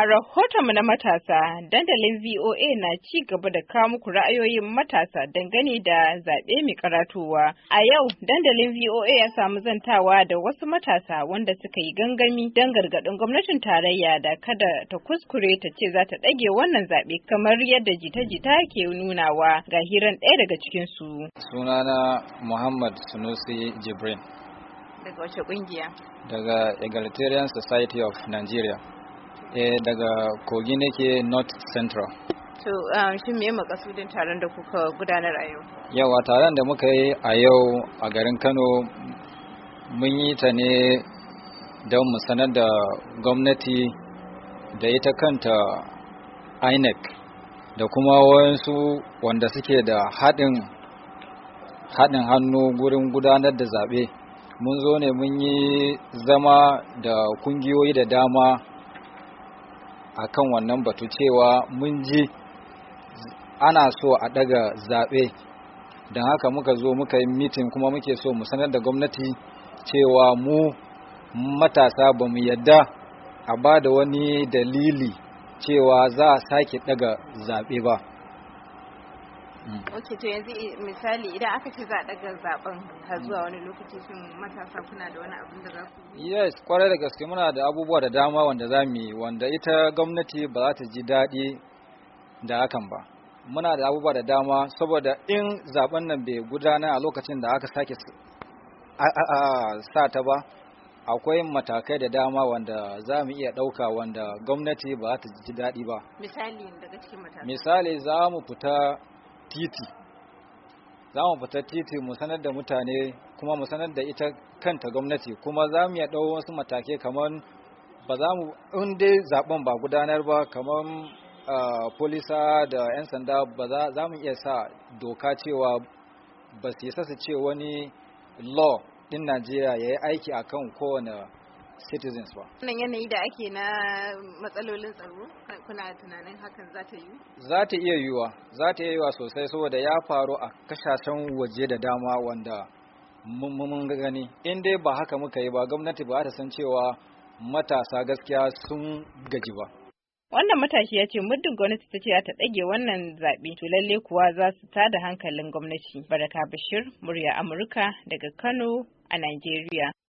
A rahotonmu na matasa, dandalin VOA na ci gaba da kawo muku ra'ayoyin matasa dangane da zaɓe mai karatuwa. A yau, dandalin VOA ya samu zantawa da wasu matasa wanda suka yi gangami don gargaɗin gwamnatin tarayya da kada ta kuskure ta ce za ta ɗage wannan zaɓe kamar yadda jita-jita ke nunawa ga hiran ɗaya daga cikinsu. Sunana Muhammad Sunusi Jibrin. Daga wace ƙungiya? Daga Egalitarian Society of Nigeria. e daga kogi nake north central to um, shi me makasudin taron da kuka gudanar a yau yawa taron da muka yi a yau a garin kano mun yi ta ne don mu sanar da gwamnati da ita kanta inec da kuma wayansu wanda suke da haɗin haɗin hannu gurin gudanar da zaɓe mun zo ne mun yi zama da kungiyoyi da dama akan wannan batu cewa mun ji ana so a daga zaɓe don haka muka zo muka yi mitin kuma muke so mu sanar da gwamnati cewa mu matasa ba mu yadda a ba da wani dalili cewa za a sake daga zaɓe ba Mm. ok to yanzu eh, misali idan aka ce za a daga zaben har zuwa mm. wani lokaci sun matasa kuna da wani abin da za ku yi yes kwarai da gaske muna da abubuwa da dama wanda za mu yi wanda ita gwamnati ba za ta ji daɗi da hakan ba muna da abubuwa da dama saboda in zaben nan bai gudana a lokacin da aka sake sa ta ba akwai matakai da dama wanda za mu iya ɗauka wanda gwamnati ba za ta ji daɗi ba misali daga cikin matakai misali za mu fita titi za mu fita titi mu sanar da mutane kuma mu sanar da ita kanta gwamnati kuma za mu yaɗau wasu matake kamar ba za mu in dai zaben ba gudanar ba kamar polisa da 'yan sanda ba za mu iya sa doka cewa ba su yi sasa ce wani law din najeriya ya yi aiki a kan kowane citizens ba. Wannan yanayi da ake na matsalolin tsaro kuna tunanin hakan za ta yi? Za ta iya yiwuwa, za ta iya yiwuwa sosai saboda ya faru a kashashen waje da dama wanda mun gani. In dai ba haka muka yi ba gwamnati ba ta san cewa matasa gaskiya sun gaji ba. Wannan matashi ya ce muddin gwamnati ta ce ta ɗage wannan zaɓe to lalle kuwa za su tada hankalin gwamnati. Baraka Bashir, murya Amurka daga Kano a Najeriya.